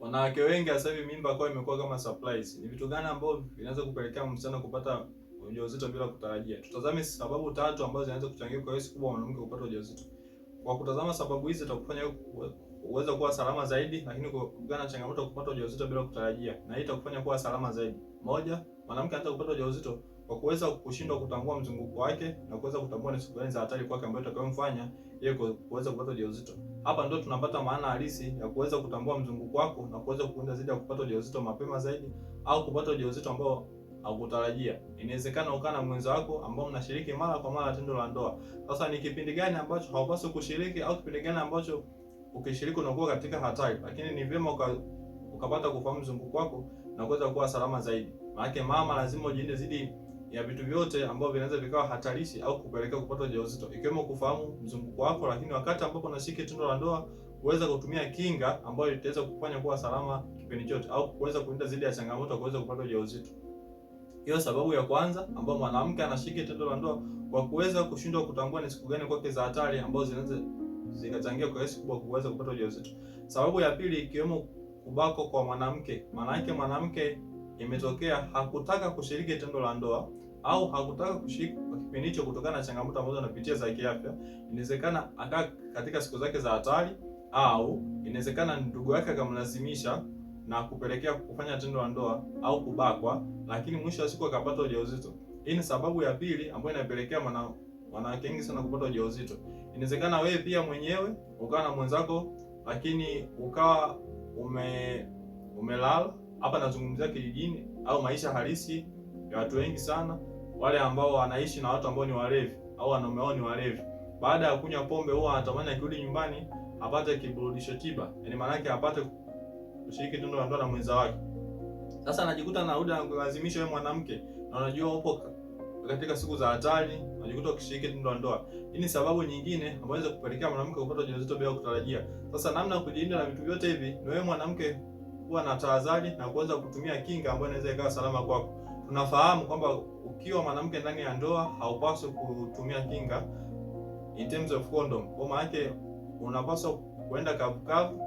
wanawake wengi sasa hivi mimba kwa imekuwa kama surprise. Ni vitu gani ambavyo vinaweza kupelekea msichana kupata ujauzito bila kutarajia? Tutazame sababu tatu ambazo zinaweza kuchangia kwa kiasi kubwa mwanamke kupata ujauzito. Kwa kutazama sababu hizi itakufanya uweze kuwa salama zaidi, lakini kupigana changamoto kupata ujauzito bila kutarajia, na hii itakufanya kuwa salama zaidi. Moja, mwanamke anaweza kupata ujauzito kwa kuweza kushindwa kutambua mzunguko wake na kuweza kutambua ni siku gani za hatari kwake ambayo itakayomfanya yeye kuweza kupata ujauzito. Hapa ndio tunapata maana halisi ya kuweza kutambua mzunguko wako na kuweza kuunda zaidi ya kupata ujauzito mapema zaidi au kupata ujauzito ambao hakutarajia. Inawezekana ukawa na mwenza wako ambao mnashiriki mara kwa mara tendo la ndoa. Sasa ni kipindi gani ambacho haupaswi kushiriki au kipindi gani ambacho ukishiriki unakuwa katika hatari? Lakini ni vyema uka, ukapata kufahamu mzunguko wako na kuweza kuwa salama zaidi. Maana mama lazima ujiende zidi ya vitu vyote ambavyo vinaweza vikawa hatarishi au kupelekea kupata ujauzito ikiwemo kufahamu mzunguko wako, lakini wakati ambapo unashika tendo la ndoa kuweza kutumia kinga ambayo itaweza kukufanya kuwa salama kipindi chote au kuweza kulinda zile ya changamoto kuweza kupata ujauzito. Hiyo sababu ya kwanza ambayo mwanamke anashika tendo la ndoa kwa kuweza kushindwa kutambua ni siku gani kwake za hatari ambazo zinaweza zikachangia kwa kiasi kubwa kuweza kupata ujauzito. Sababu ya pili ikiwemo kubako kwa mwanamke. Maana yake mwanamke imetokea hakutaka kushiriki tendo la ndoa au hakutaka kushiriki kwa kipindi hicho kutokana na changamoto ambazo anapitia za kiafya. Inawezekana akaa katika siku zake za hatari, au inawezekana ndugu yake akamlazimisha na kupelekea kufanya tendo la ndoa au kubakwa, lakini mwisho wa siku akapata ujauzito. Hii ni sababu ya pili ambayo inapelekea mwana wanawake wengi sana kupata ujauzito. Inawezekana wewe pia mwenyewe ukawa na mwenzako, lakini ukawa ume umelala. Hapa nazungumzia kijijini au maisha halisi ya watu wengi sana wale ambao wanaishi na watu ambao ni walevi au wanaume wao ni walevi, baada ya kunywa pombe huwa anatamani akirudi nyumbani apate kiburudisho tiba, yaani maana yake apate kushiriki tendo la ndoa na mwenza wake. Sasa anajikuta anarudi na kulazimisha yeye mwanamke, na unajua upo katika siku za hatari, unajikuta ukishiriki tendo la ndoa. Hii ni sababu nyingine ambayo inaweza kupelekea mwanamke kupata ujauzito bila kutarajia. Sasa namna ya kujilinda na vitu vyote hivi ni wewe mwanamke kuwa na tahadhari na kuweza kutumia kinga ambayo inaweza ikawa salama kwako. kwa tunafahamu kwamba ukiwa mwanamke ndani ya ndoa haupaswi kutumia kinga in terms of condom. Kwa maana yake unapaswa kuenda kavukavu,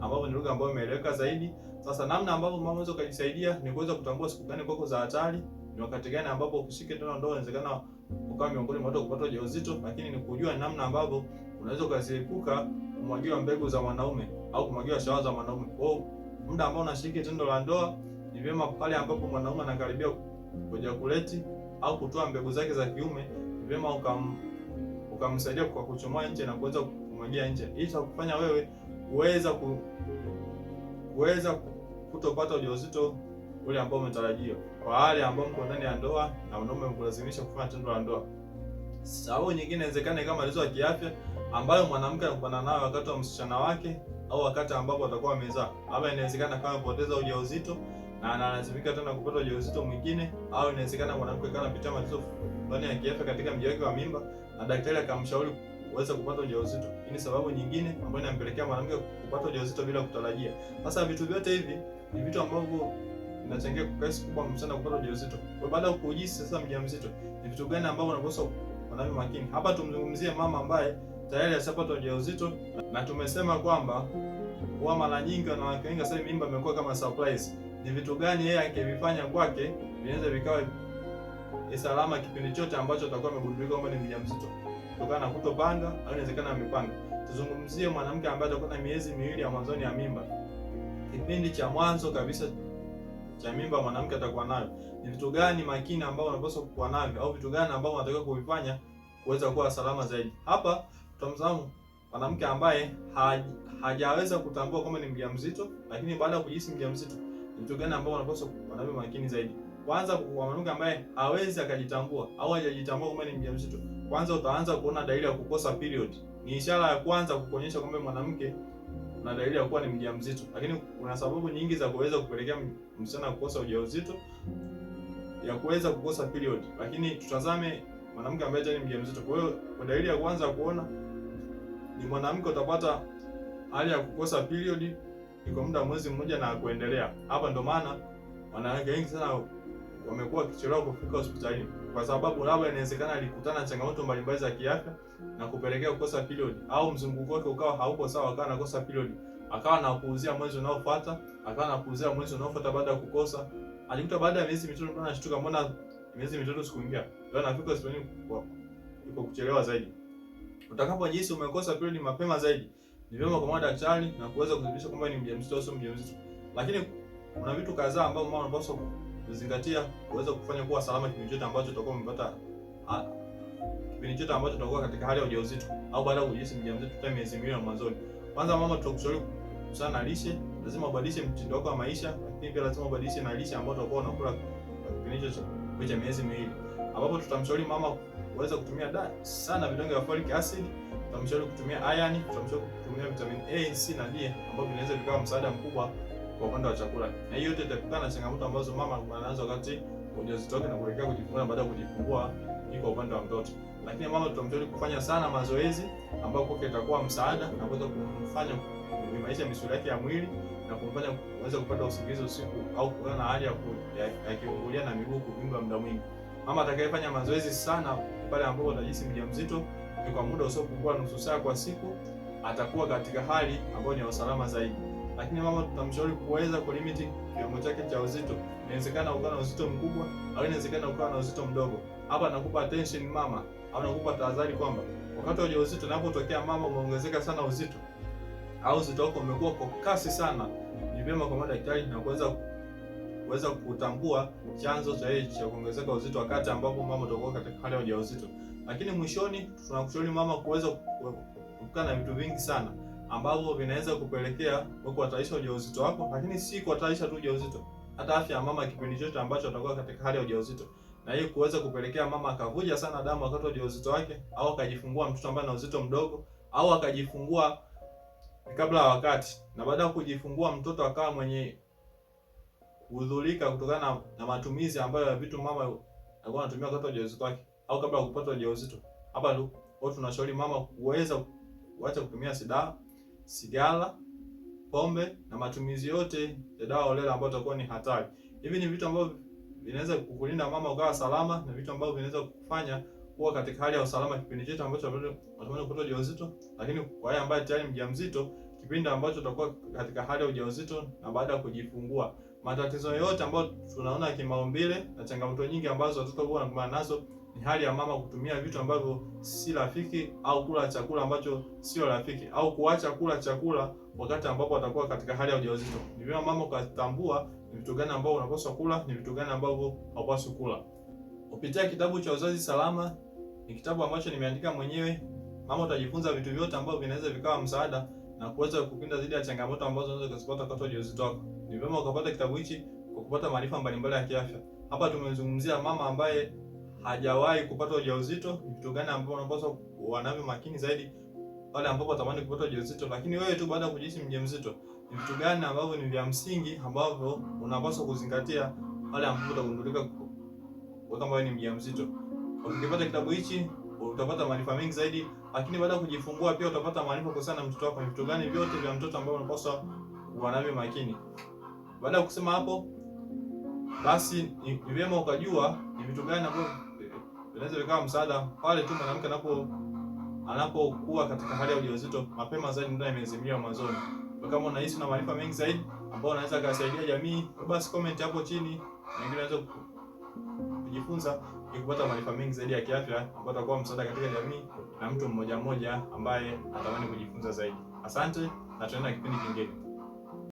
ambapo ni lugha ambayo imeeleweka zaidi. Sasa namna ambavyo mama unaweza kujisaidia ni kuweza kutambua siku gani kwako za hatari, ni wakati gani ambapo ukishike tendo ndoa inawezekana ukawa miongoni mwa watu kupata ujauzito, lakini ni kujua namna ambavyo unaweza ukaziepuka kumwagiwa mbegu za mwanaume au kumwagiwa shahawa za mwanaume. Kwa hiyo muda ambao unashiriki tendo la ndoa ni vyema pale ambapo mwanaume anakaribia kujakuleti au kutoa mbegu zake za kiume, ni vyema ukam, ukamsaidia kwa kuchomoa nje na kuweza kumwagia nje, Hii itakufanya wewe kuweza ku, kuweza kutopata ujauzito ule ambao umetarajia Kwa wale ambao mko ndani ya ndoa na mwanaume mkulazimisha kufanya tendo la ndoa, sababu nyingine inawezekana kama tatizo la kiafya ambayo mwanamke anakumbana nayo wakati wa msichana wake au wakati ambapo atakuwa amezaa, labda inawezekana kama poteza ujauzito na analazimika tena kupata ujauzito mwingine, au inawezekana mwanamke kana anapitia matatizo fulani ya kiafya katika mji wake wa mimba na daktari akamshauri kuweza kupata ujauzito. Hii ni sababu nyingine ambayo inampelekea mwanamke kupata ujauzito bila kutarajia. Sasa vitu vyote hivi ni vitu ambavyo vinachangia kwa kiasi kubwa msichana kupata ujauzito. Kwa baada ya kujisi sasa mjamzito, ni vitu gani ambavyo unapaswa mwanamke makini? Hapa tumzungumzie mama ambaye tayari ashapata ujauzito na tumesema kwamba kwa mara nyingi wanawake wengi sasa mimba imekuwa kama surprise ni vitu gani yeye akivifanya kwake vinaweza vikawa salama kipindi chote ambacho atakuwa amegundulika kwamba ni mjamzito kutokana na kutopanga au inawezekana amepanga. Tuzungumzie mwanamke ambaye atakuwa na miezi miwili ya mwanzoni ya mimba. Kipindi cha mwanzo kabisa cha mimba mwanamke atakuwa nayo ni vitu gani makini ambao unapaswa kuwa navyo, au vitu gani ambao unatakiwa kuvifanya kuweza kuwa salama zaidi? Hapa tutamzamu mwanamke ambaye hajaweza kutambua kwamba ni mjamzito, lakini baada ya kujihisi mjamzito mtu gani ambao wanapaswa wanawe makini zaidi? Kwanza kwa mwanamke ambaye hawezi akajitambua au hajajitambua kama ni mjamzito, kwanza utaanza kuona dalili ya kukosa period. Ni ishara ya kwanza kukuonyesha kwamba mwanamke na dalili ya kuwa ni mjamzito. Lakini kuna sababu nyingi za kuweza kupelekea msichana kukosa ujauzito ya kuweza kukosa period, lakini tutazame mwanamke ambaye tayari ni mjamzito. Kwa hiyo kwa dalili ya kwanza kuona ni mwanamke, utapata hali ya kukosa period ni kwa muda mwezi mmoja na kuendelea. Hapa ndo maana wanawake wengi sana wamekuwa wakichelewa kufika hospitalini kwa sababu labda inawezekana alikutana na changamoto mbalimbali za kiafya na kupelekea kukosa period, au mzunguko wake ukawa hauko sawa, akawa anakosa period, akawa anapuuzia mwezi unaofuata, akawa anapuuzia mwezi unaofuata. Baada ya kukosa, alikuta baada ya miezi mitatu mbona anashtuka, mbona miezi mitatu sikuingia? Ndio anafika hospitalini kwa kuchelewa zaidi. Utakapojihisi umekosa period mapema zaidi ni vyema ukamwona daktari na kuweza kudhibitisha kwamba ni mjamzito au sio mjamzito. Lakini kuna vitu kadhaa ambavyo mama anapaswa kuzingatia kuweza kufanya kuwa salama kipindi chote ambacho tutakuwa umepata kipindi chote ambacho tutakuwa katika hali ya ujauzito au baada ya kujisikia mjamzito tuta miezi miwili na mwanzoni. Kwanza mama, tutakushauri sana lishe, lazima ubadilishe mtindo wako wa maisha, lakini pia lazima ubadilishe na lishe ambayo utakuwa unakula kipindi hicho cha miezi miwili ambapo tutamshauri mama kuweza kutumia da sana vidonge vya folic acid, tutamshauri kutumia iron, tutamshauri kutumia vitamin A, C na D ambavyo vinaweza vikawa msaada mkubwa kwa upande wa chakula. Na hiyo yote itakutana na changamoto ambazo mama anaanza wakati ujauzito na kuelekea kujifungua baada ya kujifungua kwa upande wa mtoto. Lakini mama tutamshauri kufanya sana mazoezi ambayo kwake itakuwa msaada na kuweza kumfanya kuimarisha misuli yake ya mwili na kumfanya kuweza kupata usingizi usiku au kuona na hali ya kuungulia na miguu kuvimba muda mwingi. Mama atakayefanya mazoezi sana pale ambapo utajisi mjamzito ni kwa muda usiopungua nusu saa kwa siku, atakuwa katika hali ambayo ni ya usalama zaidi. Lakini mama tutamshauri kuweza kulimiti kiwango chake cha uzito. Inawezekana ukawa na uzito mkubwa au inawezekana ukawa na uzito mdogo. Hapa nakupa attention mama, au nakupa tahadhari kwamba wakati wa ujauzito unapotokea mama umeongezeka sana uzito au uzito wako umekuwa kwa kasi sana, ni vyema kwa madaktari na kuweza kuweza kutambua chanzo cha cha kuongezeka uzito wakati ambapo mama utakuwa katika hali ya ujauzito. Lakini mwishoni, tunakushauri mama kuweza kukaa na vitu vingi sana ambavyo vinaweza kupelekea wewe kuhatarisha ujauzito wako, lakini si kuhatarisha tu ujauzito, hata afya ya mama kipindi chote ambacho atakuwa katika hali ya ujauzito, na hiyo kuweza kupelekea mama akavuja sana damu wakati wa ujauzito wake, au akajifungua mtoto ambaye ana uzito mdogo, au akajifungua kabla ya wakati, na baada ya kujifungua mtoto akawa mwenye hudhurika kutokana na, na matumizi ambayo ya vitu mama alikuwa anatumia kupata ujauzito wake au kabla ya kupata ujauzito. Hapa wao tunashauri mama kuweza kuacha kutumia sidaha, sigara, pombe na matumizi yote ya dawa holela ambayo itakuwa ni hatari. Hivi ni vitu ambavyo vinaweza kukulinda mama ukawa salama na vitu ambavyo vinaweza kukufanya kuwa katika hali ya usalama kipindi chote ambacho unatamani kupata ujauzito, lakini kwa yeye ambaye tayari mjamzito, kipindi ambacho utakuwa katika hali ya ujauzito na baada ya kujifungua. Matatizo yote ambayo tunaona kimaumbile na changamoto nyingi ambazo watoto huwa wanakumbana nazo ni hali ya mama kutumia vitu ambavyo si rafiki au kula chakula ambacho sio rafiki au kuacha kula chakula wakati ambapo atakuwa katika hali ya ujauzito. Ni vyema mama ukatambua ni vitu gani ambavyo unapaswa kula, ni vitu gani ambavyo hupaswi kula. Kupitia kitabu cha Uzazi Salama, ni kitabu ambacho nimeandika mwenyewe, mama utajifunza vitu vyote ambavyo vinaweza vikawa msaada na kuweza kukinda dhidi ya changamoto ambazo unaweza kuzipata wakati wa ujauzito wako. Ni vyema ukapata kitabu hichi kwa kupata maarifa mbalimbali ya kiafya. Hapa tumezungumzia mama ambaye hajawahi kupata ujauzito, ni kitu gani ambapo unapaswa wanavyo makini zaidi pale ambapo watamani kupata ujauzito. Lakini wewe tu baada ya kujihisi mjamzito, ni vitu gani ambavyo ni vya msingi ambavyo unapaswa kuzingatia pale ambapo utagundulika kama wewe ni mjamzito? Ukipata kitabu hichi utapata maarifa mengi zaidi lakini baada ya kujifungua pia utapata maarifa kwa sana mtoto wako, vitu gani vyote vya mtoto ambao unapaswa wanavyo makini. Baada ya kusema hapo, basi ni vyema ukajua ni vitu gani ambavyo vinaweza vikawa msaada pale tu mwanamke anapo anapokuwa katika hali ya ujauzito mapema zaidi, ndio imezimbia mwanzoni. Kama unahisi una maarifa mengi zaidi ambao unaweza kusaidia jamii, basi comment hapo chini, wengine wanaweza kujifunza kupata maarifa mengi zaidi ya kiafya ambayo atakuwa msaada katika jamii na mtu mmoja mmoja ambaye atamani kujifunza zaidi. Asante na tunaenda kipindi kingine.